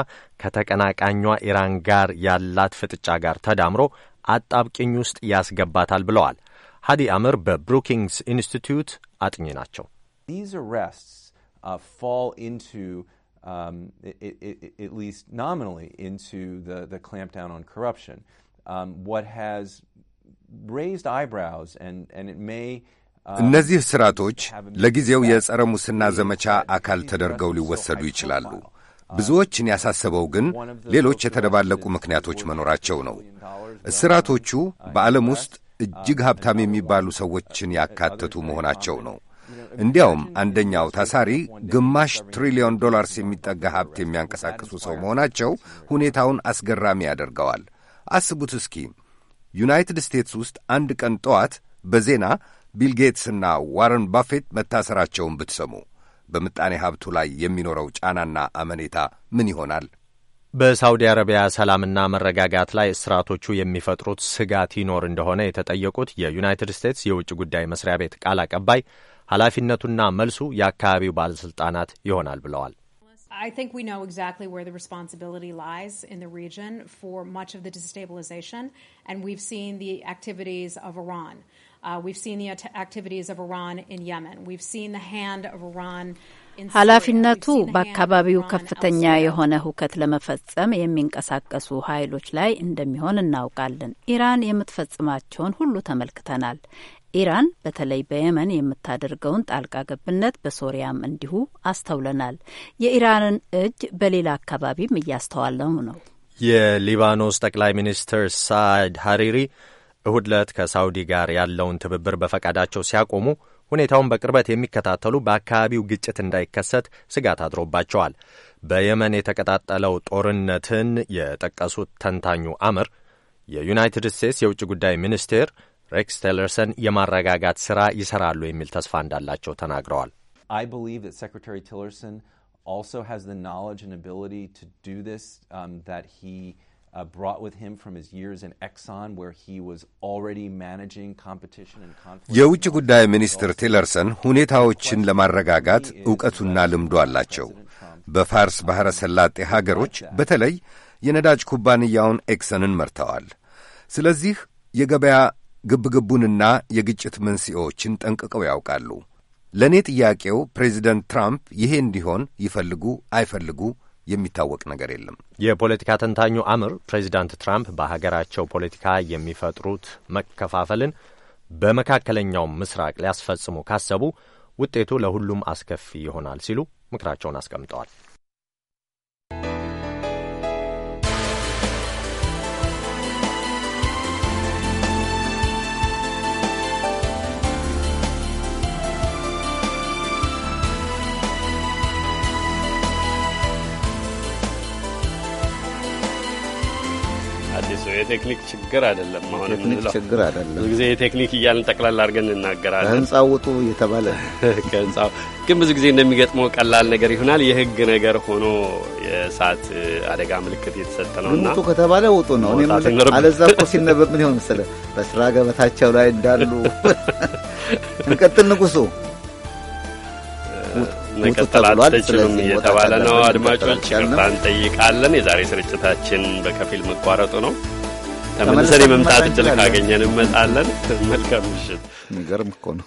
ከተቀናቃኟ ኢራን ጋር ያላት ፍጥጫ ጋር ተዳምሮ አጣብቂኝ ውስጥ ያስገባታል ብለዋል። ሀዲ አምር በብሩኪንግስ ኢንስቲትዩት አጥኚ ናቸው። uh, um, it, it, it, at least nominally, into the, the clampdown on corruption. Um, what has raised eyebrows and, and it may uh, እነዚህ ስርዓቶች ለጊዜው የጸረ ሙስና ዘመቻ አካል ተደርገው ሊወሰዱ ይችላሉ። uh, ብዙዎችን ያሳሰበው ግን ሌሎች የተደባለቁ ምክንያቶች መኖራቸው ነው። እስራቶቹ uh, በዓለም ውስጥ እጅግ ሀብታም የሚባሉ ሰዎችን ያካተቱ መሆናቸው ነው። እንዲያውም አንደኛው ታሳሪ ግማሽ ትሪሊዮን ዶላርስ የሚጠጋ ሀብት የሚያንቀሳቅሱ ሰው መሆናቸው ሁኔታውን አስገራሚ ያደርገዋል። አስቡት እስኪ ዩናይትድ ስቴትስ ውስጥ አንድ ቀን ጠዋት በዜና ቢል ጌትስና ዋረን ባፌት መታሰራቸውን ብትሰሙ በምጣኔ ሀብቱ ላይ የሚኖረው ጫናና አመኔታ ምን ይሆናል? በሳውዲ አረቢያ ሰላምና መረጋጋት ላይ እስራቶቹ የሚፈጥሩት ስጋት ይኖር እንደሆነ የተጠየቁት የዩናይትድ ስቴትስ የውጭ ጉዳይ መስሪያ ቤት ቃል አቀባይ ኃላፊነቱና መልሱ የአካባቢው ባለሥልጣናት ይሆናል ብለዋል። I think we know exactly where the responsibility lies in the region for much of the destabilization, and we've seen the activities of Iran. Uh, we've seen the activities of Iran in Yemen. We've seen the hand of Iran. ኃላፊነቱ በአካባቢው ከፍተኛ የሆነ ሁከት ለመፈጸም የሚንቀሳቀሱ ኃይሎች ላይ እንደሚሆን እናውቃለን። ኢራን የምትፈጽማቸውን ሁሉ ተመልክተናል። ኢራን በተለይ በየመን የምታደርገውን ጣልቃ ገብነት በሶሪያም እንዲሁ አስተውለናል። የኢራንን እጅ በሌላ አካባቢም እያስተዋለው ነው። የሊባኖስ ጠቅላይ ሚኒስትር ሳድ ሀሪሪ እሁድ ዕለት ከሳውዲ ጋር ያለውን ትብብር በፈቃዳቸው ሲያቆሙ ሁኔታውን በቅርበት የሚከታተሉ በአካባቢው ግጭት እንዳይከሰት ስጋት አድሮባቸዋል። በየመን የተቀጣጠለው ጦርነትን የጠቀሱት ተንታኙ አምር የዩናይትድ ስቴትስ የውጭ ጉዳይ ሚኒስቴር ሬክስ ቴለርሰን የማረጋጋት ስራ ይሰራሉ የሚል ተስፋ እንዳላቸው ተናግረዋል። የውጭ ጉዳይ ሚኒስትር ቴለርሰን ሁኔታዎችን ለማረጋጋት እውቀቱና ልምዱ አላቸው። በፋርስ ባሕረ ሰላጤ ሀገሮች በተለይ የነዳጅ ኩባንያውን ኤክሰንን መርተዋል። ስለዚህ የገበያ ግብግቡንና የግጭት መንስኤዎችን ጠንቅቀው ያውቃሉ። ለእኔ ጥያቄው ፕሬዚደንት ትራምፕ ይሄ እንዲሆን ይፈልጉ አይፈልጉ የሚታወቅ ነገር የለም። የፖለቲካ ተንታኙ አምር ፕሬዚዳንት ትራምፕ በሀገራቸው ፖለቲካ የሚፈጥሩት መከፋፈልን በመካከለኛው ምስራቅ ሊያስፈጽሙ ካሰቡ ውጤቱ ለሁሉም አስከፊ ይሆናል ሲሉ ምክራቸውን አስቀምጠዋል። የቴክኒክ ችግር አይደለም። አሁን የቴክኒክ ችግር አይደለም። ብዙ ጊዜ የቴክኒክ እያልን ጠቅላላ አድርገን እናገራለን። ከህንጻው ውጡ እየተባለ *laughs* ከህንጻው ግን ብዙ ጊዜ እንደሚገጥመው ቀላል ነገር ይሆናል። የህግ ነገር ሆኖ የእሳት አደጋ ምልክት የተሰጠ ነው እና ውጡ ከተባለ ውጡ ነው። አለዛ እኮ ሲነበብ ምን ይሆን መሰለህ በስራ ገበታቸው ላይ እንዳሉ *laughs* እንቀጥል ንጉሱ መቀጠል አትችሉም እየተባለ ነው። አድማጮች ይቅርታ እንጠይቃለን። የዛሬ ስርጭታችን በከፊል መቋረጡ ነው። ተመልሰን የመምጣት እድል ካገኘን እንመጣለን። መልካም ምሽት። የሚገርም እኮ ነው።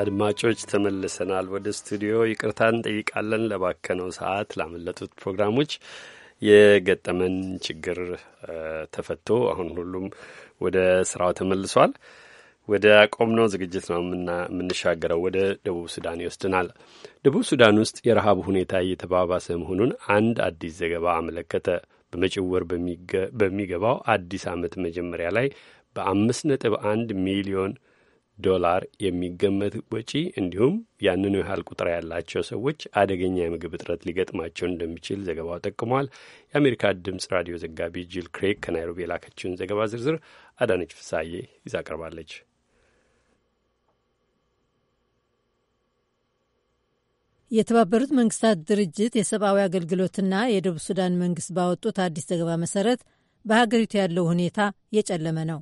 አድማጮች ተመልሰናል ወደ ስቱዲዮ። ይቅርታ እንጠይቃለን ለባከነው ሰዓት፣ ላመለጡት ፕሮግራሞች። የገጠመን ችግር ተፈቶ አሁን ሁሉም ወደ ስራው ተመልሷል። ወደ አቆምነው ዝግጅት ነው የምንሻገረው። ወደ ደቡብ ሱዳን ይወስድናል። ደቡብ ሱዳን ውስጥ የረሃብ ሁኔታ እየተባባሰ መሆኑን አንድ አዲስ ዘገባ አመለከተ። በመጪው ወር በሚገባው አዲስ ዓመት መጀመሪያ ላይ በአምስት ነጥብ አንድ ሚሊዮን ዶላር የሚገመት ወጪ እንዲሁም ያንኑ ያህል ቁጥር ያላቸው ሰዎች አደገኛ የምግብ እጥረት ሊገጥማቸው እንደሚችል ዘገባው ጠቅሟል። የአሜሪካ ድምፅ ራዲዮ ዘጋቢ ጂል ክሬግ ከናይሮቢ የላከችውን ዘገባ ዝርዝር አዳነች ፍሳዬ ይዛ ቀርባለች። የተባበሩት መንግስታት ድርጅት የሰብአዊ አገልግሎትና የደቡብ ሱዳን መንግስት ባወጡት አዲስ ዘገባ መሰረት በሀገሪቱ ያለው ሁኔታ የጨለመ ነው።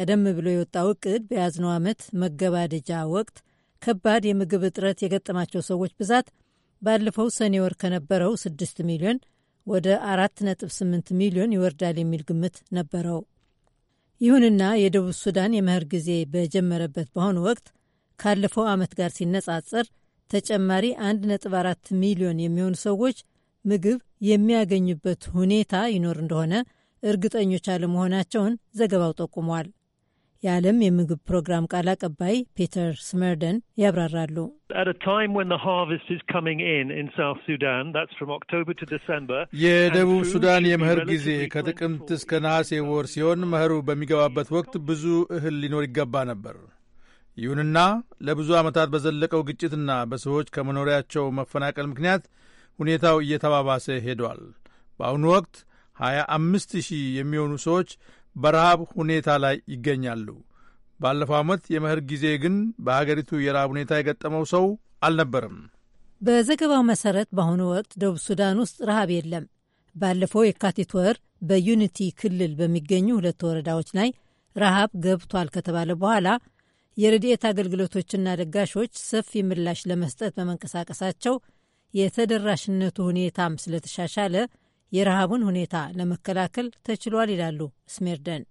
ቀደም ብሎ የወጣው እቅድ በያዝነው ዓመት መገባደጃ ወቅት ከባድ የምግብ እጥረት የገጠማቸው ሰዎች ብዛት ባለፈው ሰኔ ወር ከነበረው 6 ሚሊዮን ወደ 4.8 ሚሊዮን ይወርዳል የሚል ግምት ነበረው። ይሁንና የደቡብ ሱዳን የመኸር ጊዜ በጀመረበት በአሁኑ ወቅት ካለፈው ዓመት ጋር ሲነጻጸር ተጨማሪ 1.4 ሚሊዮን የሚሆኑ ሰዎች ምግብ የሚያገኙበት ሁኔታ ይኖር እንደሆነ እርግጠኞች አለመሆናቸውን ዘገባው ጠቁሟል። የዓለም የምግብ ፕሮግራም ቃል አቀባይ ፒተር ስመርደን ያብራራሉ። የደቡብ ሱዳን የመኸር ጊዜ ከጥቅምት እስከ ነሐሴ ወር ሲሆን መኸሩ በሚገባበት ወቅት ብዙ እህል ሊኖር ይገባ ነበር። ይሁንና ለብዙ ዓመታት በዘለቀው ግጭትና በሰዎች ከመኖሪያቸው መፈናቀል ምክንያት ሁኔታው እየተባባሰ ሄዷል። በአሁኑ ወቅት 25 ሺህ የሚሆኑ ሰዎች በረሃብ ሁኔታ ላይ ይገኛሉ። ባለፈው ዓመት የመኸር ጊዜ ግን በሀገሪቱ የረሃብ ሁኔታ የገጠመው ሰው አልነበርም። በዘገባው መሰረት በአሁኑ ወቅት ደቡብ ሱዳን ውስጥ ረሃብ የለም። ባለፈው የካቲት ወር በዩኒቲ ክልል በሚገኙ ሁለት ወረዳዎች ላይ ረሃብ ገብቷል ከተባለ በኋላ የረድኤት አገልግሎቶችና ለጋሾች ሰፊ ምላሽ ለመስጠት በመንቀሳቀሳቸው የተደራሽነቱ ሁኔታም ስለተሻሻለ የረሃቡን ሁኔታ ለመከላከል ተችሏል ይላሉ ስሜርደን።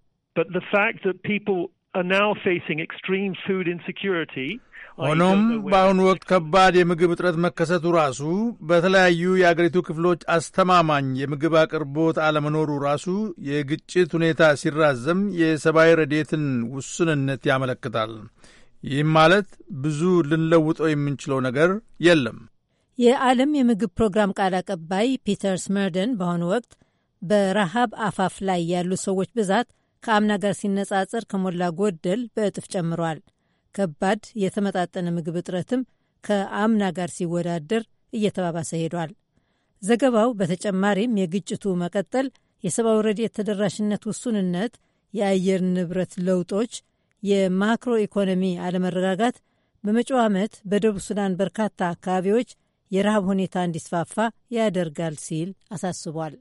ሆኖም በአሁኑ ወቅት ከባድ የምግብ እጥረት መከሰቱ ራሱ በተለያዩ የአገሪቱ ክፍሎች አስተማማኝ የምግብ አቅርቦት አለመኖሩ ራሱ የግጭት ሁኔታ ሲራዘም የሰብአዊ ረዴትን ውስንነት ያመለክታል። ይህም ማለት ብዙ ልንለውጠው የምንችለው ነገር የለም። የዓለም የምግብ ፕሮግራም ቃል አቀባይ ፒተር ስመርደን በአሁኑ ወቅት በረሃብ አፋፍ ላይ ያሉ ሰዎች ብዛት ከአምና ጋር ሲነጻጸር ከሞላ ጎደል በእጥፍ ጨምሯል። ከባድ የተመጣጠነ ምግብ እጥረትም ከአምና ጋር ሲወዳደር እየተባባሰ ሄዷል። ዘገባው በተጨማሪም የግጭቱ መቀጠል፣ የሰብአዊ ረድኤት ተደራሽነት ውሱንነት፣ የአየር ንብረት ለውጦች፣ የማክሮ ኢኮኖሚ አለመረጋጋት በመጪው ዓመት በደቡብ ሱዳን በርካታ አካባቢዎች የረሃብ ሁኔታ እንዲስፋፋ ያደርጋል ሲል አሳስቧል።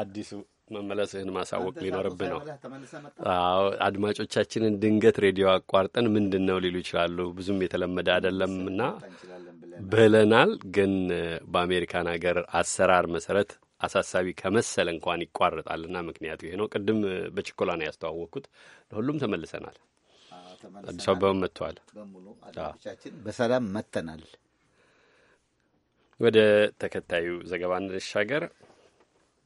አዲሱ መመለስህን ማሳወቅ ሊኖርብ ነው። አዎ አድማጮቻችንን ድንገት ሬዲዮ አቋርጠን ምንድን ነው ሊሉ ይችላሉ። ብዙም የተለመደ አይደለም እና ብለናል። ግን በአሜሪካን ሀገር አሰራር መሰረት አሳሳቢ ከመሰለ እንኳን ይቋረጣልና ምክንያቱ ይሄ ነው። ቅድም በችኮላ ነው ያስተዋወቅኩት። ለሁሉም ተመልሰናል። አዲስ አበባም መጥተዋል። በሰላም መጥተናል። ወደ ተከታዩ ዘገባ እንሻገር።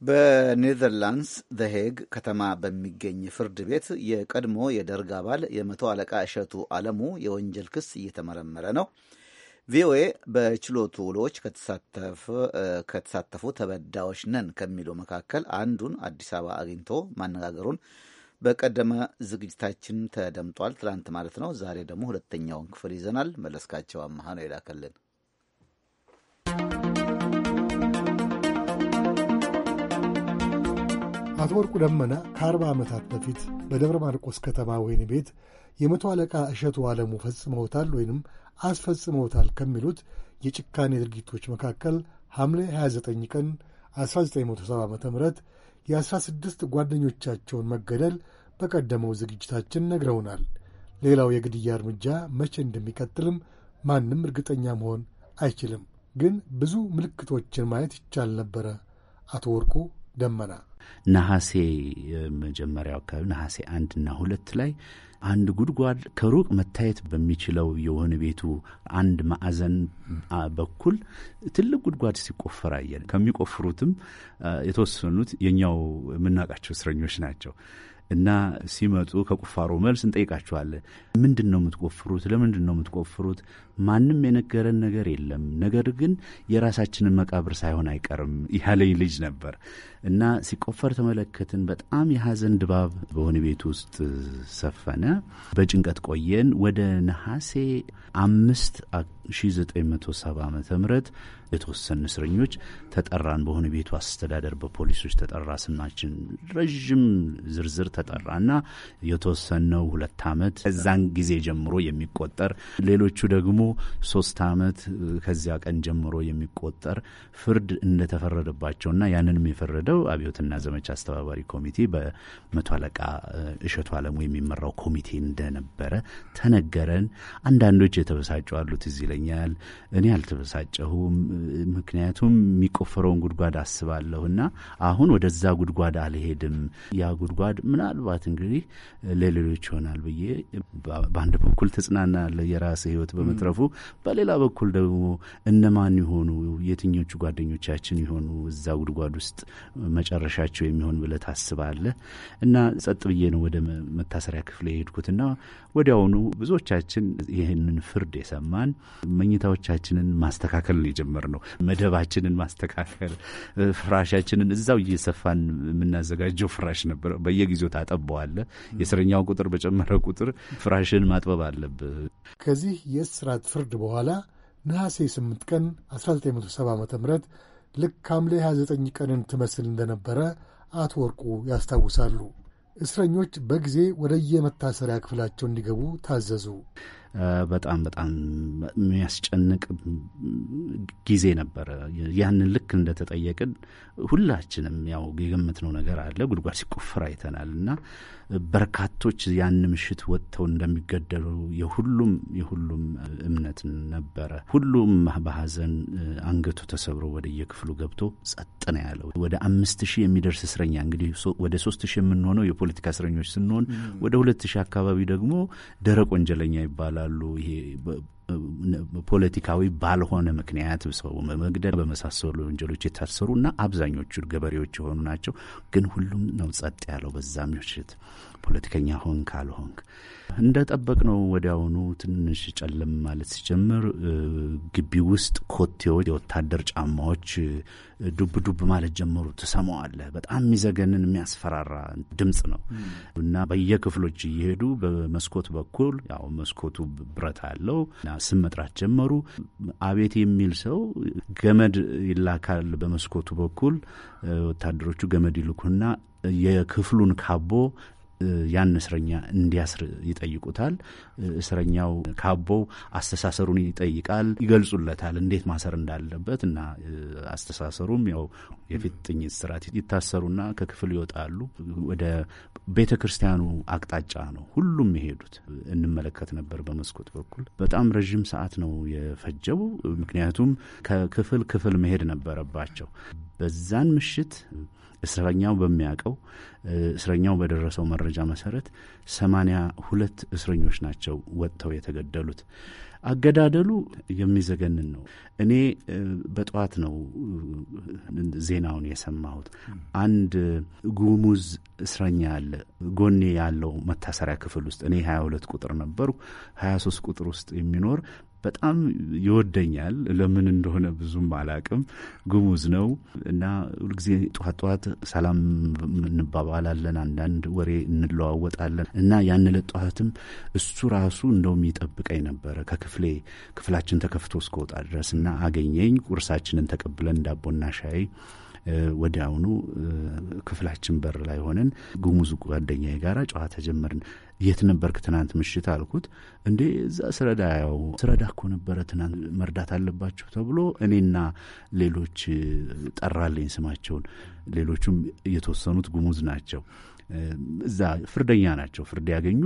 በኔዘርላንድስ ዘሄግ ከተማ በሚገኝ ፍርድ ቤት የቀድሞ የደርግ አባል የመቶ አለቃ እሸቱ አለሙ የወንጀል ክስ እየተመረመረ ነው። ቪኦኤ በችሎቱ ውሎች ከተሳተፉ ተበዳዮች ነን ከሚሉ መካከል አንዱን አዲስ አበባ አግኝቶ ማነጋገሩን በቀደመ ዝግጅታችን ተደምጧል። ትላንት ማለት ነው። ዛሬ ደግሞ ሁለተኛውን ክፍል ይዘናል። መለስካቸው አመሀ ነው የላከልን። አቶ ወርቁ ደመና ከአርባ ዓመታት በፊት በደብረ ማርቆስ ከተማ ወህኒ ቤት የመቶ አለቃ እሸቱ አለሙ ፈጽመውታል ወይንም አስፈጽመውታል ከሚሉት የጭካኔ ድርጊቶች መካከል ሐምሌ 29 ቀን 1970 ዓ ም የ16 ጓደኞቻቸውን መገደል በቀደመው ዝግጅታችን ነግረውናል። ሌላው የግድያ እርምጃ መቼ እንደሚቀጥልም ማንም እርግጠኛ መሆን አይችልም። ግን ብዙ ምልክቶችን ማየት ይቻል ነበረ። አቶ ወርቁ ደመና ነሐሴ መጀመሪያው አካባቢ ነሐሴ አንድና ሁለት ላይ አንድ ጉድጓድ ከሩቅ መታየት በሚችለው የወህኒ ቤቱ አንድ ማዕዘን በኩል ትልቅ ጉድጓድ ሲቆፈር አየን። ከሚቆፍሩትም የተወሰኑት የኛው የምናውቃቸው እስረኞች ናቸው እና ሲመጡ ከቁፋሮ መልስ እንጠይቃቸዋለን። ምንድን ነው የምትቆፍሩት? ለምንድን ነው የምትቆፍሩት? ማንም የነገረን ነገር የለም፣ ነገር ግን የራሳችንን መቃብር ሳይሆን አይቀርም ያለኝ ልጅ ነበር እና ሲቆፈር ተመለከትን። በጣም የሐዘን ድባብ በሆነ ቤት ውስጥ ሰፈነ። በጭንቀት ቆየን። ወደ ነሐሴ አምስት 1970 ዓ ም የተወሰኑ እስረኞች ተጠራን። በሆነ ቤቱ አስተዳደር በፖሊሶች ተጠራ። ስማችን ረዥም ዝርዝር ተጠራና የተወሰነው ሁለት ዓመት ከዛን ጊዜ ጀምሮ የሚቆጠር ሌሎቹ ደግሞ ሶስት ዓመት ከዚያ ቀን ጀምሮ የሚቆጠር ፍርድ እንደተፈረደባቸውና ያንንም የፈረደው አብዮትና ዘመቻ አስተባባሪ ኮሚቴ በመቶ አለቃ እሸቱ አለሙ የሚመራው ኮሚቴ እንደነበረ ተነገረን። አንዳንዶች የተበሳጩ አሉት እዚህ ይለኛል። እኔ አልተበሳጨሁም። ምክንያቱም የሚቆፈረውን ጉድጓድ አስባለሁና አሁን ወደዛ ጉድጓድ አልሄድም። ያ ጉድጓድ ምናልባት እንግዲህ ለሌሎች ይሆናል ብዬ በአንድ በኩል ተጽናናለሁ የራስ ህይወት በመትረፉ ሲያጠፉ፣ በሌላ በኩል ደግሞ እነማን ይሆኑ የትኞቹ ጓደኞቻችን ይሆኑ እዛ ጉድጓድ ውስጥ መጨረሻቸው የሚሆን ብለህ ታስባለህ። እና ጸጥ ብዬ ነው ወደ መታሰሪያ ክፍል የሄድኩትና ወዲያውኑ ብዙዎቻችን ይህንን ፍርድ የሰማን መኝታዎቻችንን ማስተካከል የጀመርነው መደባችንን ማስተካከል፣ ፍራሻችንን እዛው እየሰፋን የምናዘጋጀው ፍራሽ ነበር። በየጊዜው ታጠበዋለ። የእስረኛው ቁጥር በጨመረ ቁጥር ፍራሽን ማጥበብ አለብህ። ከዚህ የእስራት ፍርድ በኋላ ነሐሴ 8 ቀን 1970 ዓ ም ልክ ሐምሌ 29 ቀንን ትመስል እንደነበረ አቶ ወርቁ ያስታውሳሉ። እስረኞች በጊዜ ወደየመታሰሪያ ክፍላቸው እንዲገቡ ታዘዙ። በጣም በጣም የሚያስጨንቅ ጊዜ ነበረ። ያንን ልክ እንደተጠየቅን ሁላችንም ያው የገመትነው ነገር አለ። ጉድጓድ ሲቆፈር አይተናል እና በርካቶች ያን ምሽት ወጥተው እንደሚገደሉ የሁሉም የሁሉም እምነት ነበረ። ሁሉም በሀዘን አንገቱ ተሰብሮ ወደየክፍሉ ገብቶ ጸጥ ነው ያለው። ወደ አምስት ሺህ የሚደርስ እስረኛ እንግዲህ ወደ ሶስት ሺህ የምንሆነው የፖለቲካ እስረኞች ስንሆን ወደ ሁለት ሺህ አካባቢ ደግሞ ደረቅ ወንጀለኛ ይባላል ይችላሉ። ይሄ ፖለቲካዊ ባልሆነ ምክንያት ሰው መግደል በመሳሰሉ ወንጀሎች የታሰሩ እና አብዛኞቹ ገበሬዎች የሆኑ ናቸው። ግን ሁሉም ነው ጸጥ ያለው በዛ ምሽት። ፖለቲከኛ ሆንክ ካልሆንክ እንደ ጠበቅ ነው። ወዲያውኑ ትንሽ ጨለም ማለት ሲጀምር ግቢ ውስጥ ኮቴዎች፣ የወታደር ጫማዎች ዱብ ዱብ ማለት ጀመሩ። ትሰማዋለህ። በጣም የሚዘገንን የሚያስፈራራ ድምፅ ነው እና በየክፍሎች እየሄዱ በመስኮት በኩል ያው መስኮቱ ብረት አለው እና ስም መጥራት ጀመሩ። አቤት የሚል ሰው ገመድ ይላካል። በመስኮቱ በኩል ወታደሮቹ ገመድ ይልኩና የክፍሉን ካቦ ያን እስረኛ እንዲያስር ይጠይቁታል። እስረኛው ካቦው አስተሳሰሩን ይጠይቃል፣ ይገልጹለታል እንዴት ማሰር እንዳለበት እና አስተሳሰሩም ያው የፊት ጥኝት ስርዓት ይታሰሩና ከክፍል ይወጣሉ። ወደ ቤተ ክርስቲያኑ አቅጣጫ ነው ሁሉም የሄዱት። እንመለከት ነበር በመስኮት በኩል። በጣም ረዥም ሰዓት ነው የፈጀው፣ ምክንያቱም ከክፍል ክፍል መሄድ ነበረባቸው። በዛን ምሽት እስረኛው በሚያውቀው እስረኛው በደረሰው መረጃ መሰረት ሰማንያ ሁለት እስረኞች ናቸው ወጥተው የተገደሉት። አገዳደሉ የሚዘገንን ነው። እኔ በጠዋት ነው ዜናውን የሰማሁት። አንድ ጉሙዝ እስረኛ አለ ጎኔ ያለው መታሰሪያ ክፍል ውስጥ እኔ ሀያ ሁለት ቁጥር ነበርኩ። ሀያ ሶስት ቁጥር ውስጥ የሚኖር በጣም ይወደኛል። ለምን እንደሆነ ብዙም አላቅም። ጉሙዝ ነው እና ሁልጊዜ ጠዋት ጠዋት ሰላም እንባባላለን፣ አንዳንድ ወሬ እንለዋወጣለን እና ያን ዕለት ጠዋትም እሱ ራሱ እንደውም ይጠብቀኝ ነበረ ከክፍሌ ክፍላችን ተከፍቶ እስከወጣ ድረስ እና አገኘኝ። ቁርሳችንን ተቀብለን ዳቦና ሻይ ወዲያውኑ ክፍላችን በር ላይ ሆነን ጉሙዝ ጓደኛዬ ጋር ጨዋ ተጀመርን። የት ነበርክ ትናንት ምሽት አልኩት። እንዴ እዛ ስረዳ ያው ስረዳ እኮ ነበረ ትናንት መርዳት አለባችሁ ተብሎ እኔና ሌሎች ጠራልኝ ስማቸውን። ሌሎቹም የተወሰኑት ጉሙዝ ናቸው። እዛ ፍርደኛ ናቸው። ፍርድ ያገኙ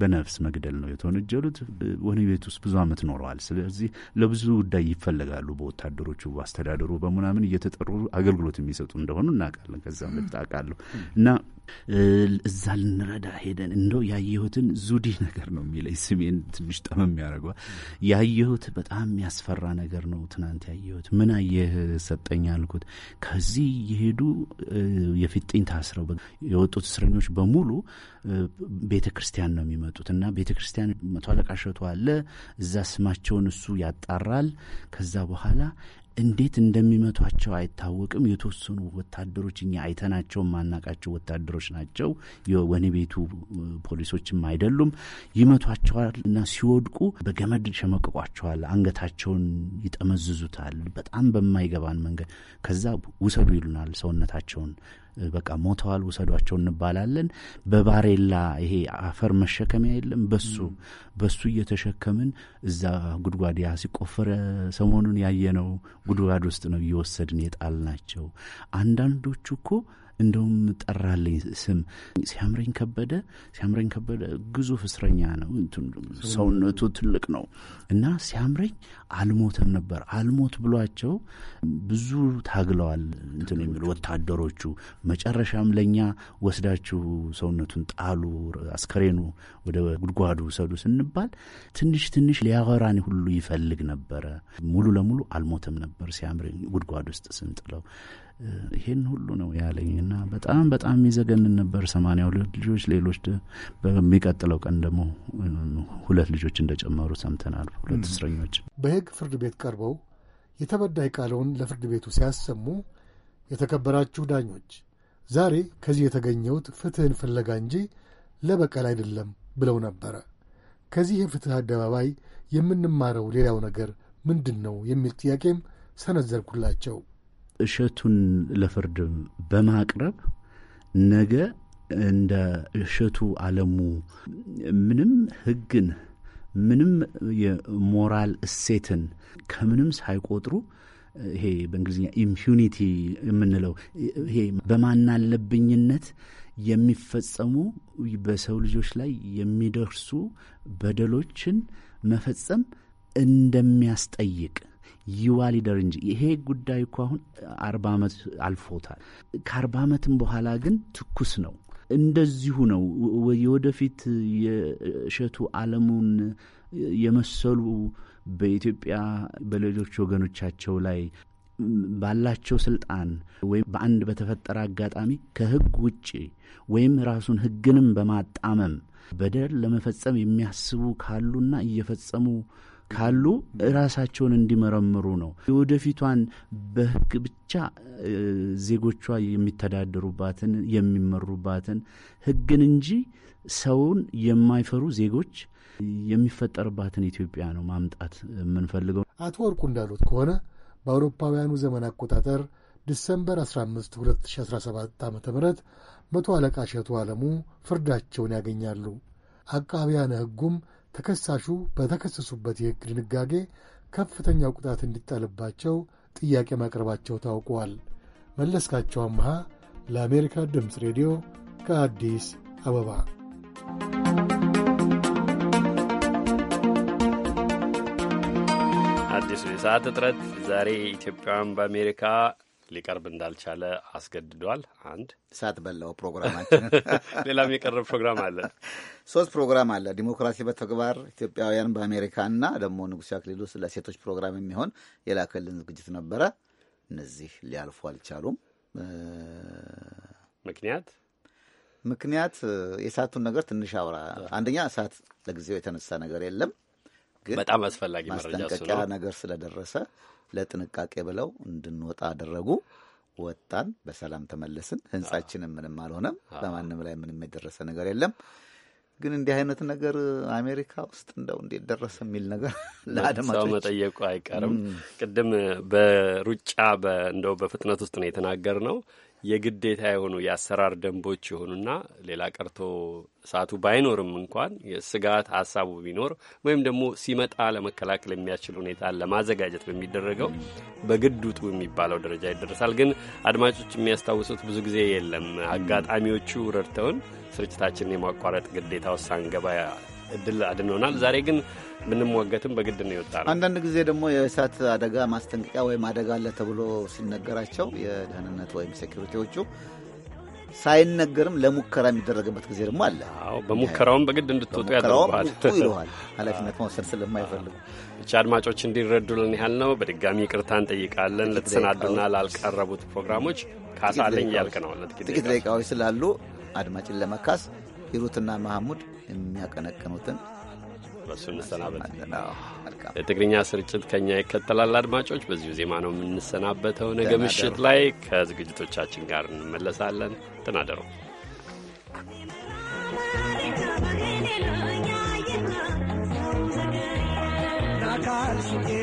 በነፍስ መግደል ነው የተወነጀሉት። ወህኒ ቤት ውስጥ ብዙ ዓመት ኖረዋል። ስለዚህ ለብዙ ጉዳይ ይፈለጋሉ። በወታደሮቹ አስተዳደሩ በምናምን እየተጠሩ አገልግሎት የሚሰጡ እንደሆኑ እናውቃለን። ከዛ በፊት እና እዛ ልንረዳ ሄደን እንደው ያየሁትን ዙዲ ነገር ነው የሚለኝ ስሜን ትንሽ ጠመም ያደርገዋል። ያየሁት በጣም የሚያስፈራ ነገር ነው። ትናንት ያየሁት ምን አየህ ሰጠኝ አልኩት። ከዚህ እየሄዱ የፊጥኝ ታስረው የወጡት እስረኞች በሙሉ ቤተ ክርስቲያን ነው የሚመጡት እና ቤተ ክርስቲያን መቶ አለቃ እሸቱ አለ። እዛ ስማቸውን እሱ ያጣራል። ከዛ በኋላ እንዴት እንደሚመቷቸው አይታወቅም። የተወሰኑ ወታደሮች እኛ አይተናቸው ማናቃቸው ወታደሮች ናቸው። የወህኒ ቤቱ ፖሊሶችም አይደሉም። ይመቷቸዋል እና ሲወድቁ በገመድ ሸመቅቋቸዋል። አንገታቸውን ይጠመዝዙታል በጣም በማይገባን መንገድ። ከዛ ውሰዱ ይሉናል ሰውነታቸውን በቃ ሞተዋል ውሰዷቸው እንባላለን። በባሬላ ይሄ አፈር መሸከሚያ የለም በሱ በሱ እየተሸከምን እዛ ጉድጓድ ያ ሲቆፈረ ሰሞኑን ያየነው ጉድጓድ ውስጥ ነው እየወሰድን የጣል ናቸው። አንዳንዶቹ እኮ እንደውም ጠራልኝ ስም ሲያምረኝ ከበደ ሲያምረኝ ከበደ ግዙፍ እስረኛ ነው። ሰውነቱ ትልቅ ነው እና ሲያምረኝ አልሞተም ነበር። አልሞት ብሏቸው ብዙ ታግለዋል እንትን የሚሉ ወታደሮቹ። መጨረሻም ለእኛ ወስዳችሁ ሰውነቱን ጣሉ፣ አስከሬኑ ወደ ጉድጓዱ ውሰዱ ስንባል ትንሽ ትንሽ ሊያወራን ሁሉ ይፈልግ ነበረ። ሙሉ ለሙሉ አልሞተም ነበር ሲያምረኝ ጉድጓድ ውስጥ ስንጥለው ይሄን ሁሉ ነው ያለኝ እና በጣም በጣም የሚዘገንን ነበር። ሰማንያ ሁለት ልጆች ሌሎች በሚቀጥለው ቀን ደግሞ ሁለት ልጆች እንደጨመሩ ሰምተናል። ሁለት እስረኞች በሕግ ፍርድ ቤት ቀርበው የተበዳይ ቃለውን ለፍርድ ቤቱ ሲያሰሙ የተከበራችሁ ዳኞች፣ ዛሬ ከዚህ የተገኘሁት ፍትህን ፍለጋ እንጂ ለበቀል አይደለም ብለው ነበረ። ከዚህ የፍትህ አደባባይ የምንማረው ሌላው ነገር ምንድን ነው የሚል ጥያቄም ሰነዘርኩላቸው። እሸቱን ለፍርድ በማቅረብ ነገ እንደ እሸቱ አለሙ ምንም ህግን ምንም የሞራል እሴትን ከምንም ሳይቆጥሩ ይሄ በእንግሊዝኛ ኢምፒዩኒቲ የምንለው ይሄ በማናለብኝነት የሚፈጸሙ በሰው ልጆች ላይ የሚደርሱ በደሎችን መፈጸም እንደሚያስጠይቅ ሊደር እንጂ ይሄ ጉዳይ እኮ አሁን አርባ ዓመት አልፎታል። ከአርባ ዓመትም በኋላ ግን ትኩስ ነው። እንደዚሁ ነው። የወደፊት የእሸቱ ዓለሙን የመሰሉ በኢትዮጵያ በሌሎች ወገኖቻቸው ላይ ባላቸው ስልጣን ወይም በአንድ በተፈጠረ አጋጣሚ ከህግ ውጭ ወይም ራሱን ህግንም በማጣመም በደል ለመፈጸም የሚያስቡ ካሉና እየፈጸሙ ካሉ ራሳቸውን እንዲመረምሩ ነው። የወደፊቷን በህግ ብቻ ዜጎቿ የሚተዳደሩባትን የሚመሩባትን ህግን እንጂ ሰውን የማይፈሩ ዜጎች የሚፈጠርባትን ኢትዮጵያ ነው ማምጣት የምንፈልገው። አቶ ወርቁ እንዳሉት ከሆነ በአውሮፓውያኑ ዘመን አቆጣጠር ዲሰምበር 15 2017 ዓ ም መቶ አለቃ እሸቱ አለሙ ፍርዳቸውን ያገኛሉ። አቃቢያነ ህጉም ተከሳሹ በተከሰሱበት የሕግ ድንጋጌ ከፍተኛ ቅጣት እንዲጣልባቸው ጥያቄ ማቅረባቸው ታውቋል። መለስካቸው አምሃ ለአሜሪካ ድምፅ ሬዲዮ ከአዲስ አበባ። አዲሱ የሰዓት እጥረት ዛሬ ኢትዮጵያን በአሜሪካ ሊቀርብ እንዳልቻለ አስገድዷል። አንድ እሳት በላው ፕሮግራማችን። *laughs* ሌላም የቀረብ ፕሮግራም አለ። ሶስት ፕሮግራም አለ። ዲሞክራሲ በተግባር ኢትዮጵያውያን በአሜሪካ እና ደግሞ ንጉሴ አክሊሉ ስለ ሴቶች ፕሮግራም የሚሆን የላከልን ዝግጅት ነበረ። እነዚህ ሊያልፉ አልቻሉም። ምክንያት ምክንያት የእሳቱን ነገር ትንሽ አውራ። አንደኛ እሳት ለጊዜው የተነሳ ነገር የለም፣ ግን በጣም አስፈላጊ ማስጠንቀቂያ ነገር ስለደረሰ ለጥንቃቄ ብለው እንድንወጣ አደረጉ። ወጣን፣ በሰላም ተመለስን። ህንጻችንም ምንም አልሆነም። በማንም ላይ ምንም የደረሰ ነገር የለም። ግን እንዲህ አይነት ነገር አሜሪካ ውስጥ እንደው እንዴት ደረሰ የሚል ነገር *laughs* ለአድማጮች መጠየቁ አይቀርም። ቅድም በሩጫ እንደው በፍጥነት ውስጥ ነው የተናገር ነው የግዴታ የሆኑ የአሰራር ደንቦች የሆኑና ሌላ ቀርቶ እሳቱ ባይኖርም እንኳን የስጋት ሀሳቡ ቢኖር ወይም ደግሞ ሲመጣ ለመከላከል የሚያስችል ሁኔታ ለማዘጋጀት በሚደረገው በግድ ውጡ የሚባለው ደረጃ ይደረሳል። ግን አድማጮች የሚያስታውሱት ብዙ ጊዜ የለም። አጋጣሚዎቹ ረድተውን ስርጭታችንን የማቋረጥ ግዴታ ውሳን ገባ እድል አድኖናል። ዛሬ ግን ብንሟገትም በግድ ነው የወጣ ነው። አንዳንድ ጊዜ ደግሞ የእሳት አደጋ ማስጠንቀቂያ ወይም አደጋ አለ ተብሎ ሲነገራቸው የደህንነት ወይም ሴኪሪቲዎቹ ሳይነገርም ለሙከራ የሚደረግበት ጊዜ ደግሞ አለ። በሙከራውም በግድ እንድትወጡ ያደርገዋል ይለዋል፣ ኃላፊነት መውሰድ ስለማይፈልጉ ብቻ አድማጮች እንዲረዱልን ያህል ነው። በድጋሚ ይቅርታ እንጠይቃለን። ለተሰናዱና ላልቀረቡት ፕሮግራሞች ካሳለኝ እያልቅ ነው። ጥቂት ደቂቃዎች ስላሉ አድማጭን ለመካስ ሂሩትና መሐሙድ የሚያቀነቅኑትን በሱ እንሰናበት። የትግርኛ ስርጭት ከኛ ይከተላል። አድማጮች፣ በዚሁ ዜማ ነው የምንሰናበተው። ነገ ምሽት ላይ ከዝግጅቶቻችን ጋር እንመለሳለን። ተናደሩ ናካልሽጌን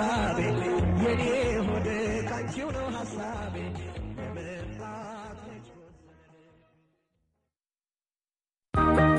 pasar.